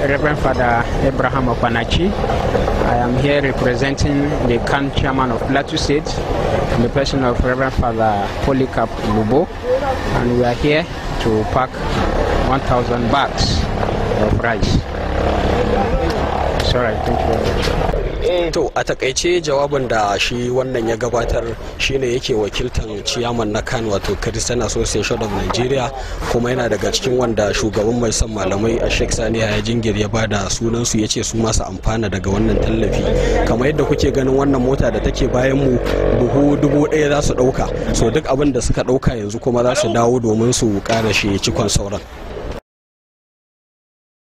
Reverend Father Abraham Opanachi. I am here representing the current chairman of Plateau State in the person of Reverend Father Polycarp Lubo. And we are here to pack 1,000 bags of rice. to a takaice jawabin da shi wannan ya gabatar shine yake wakiltar ciyaman na kan wato christian association of nigeria kuma yana daga cikin wanda shugaban mai son malamai a sheikh sani ya jingir ya bada sunan su yace su masu amfana daga wannan tallafi kamar yadda kuke ganin wannan mota da take bayan mu buhu dubu ɗaya za su ɗauka so duk abin da suka ɗauka yanzu kuma za su dawo domin su ƙara shi cikon sauran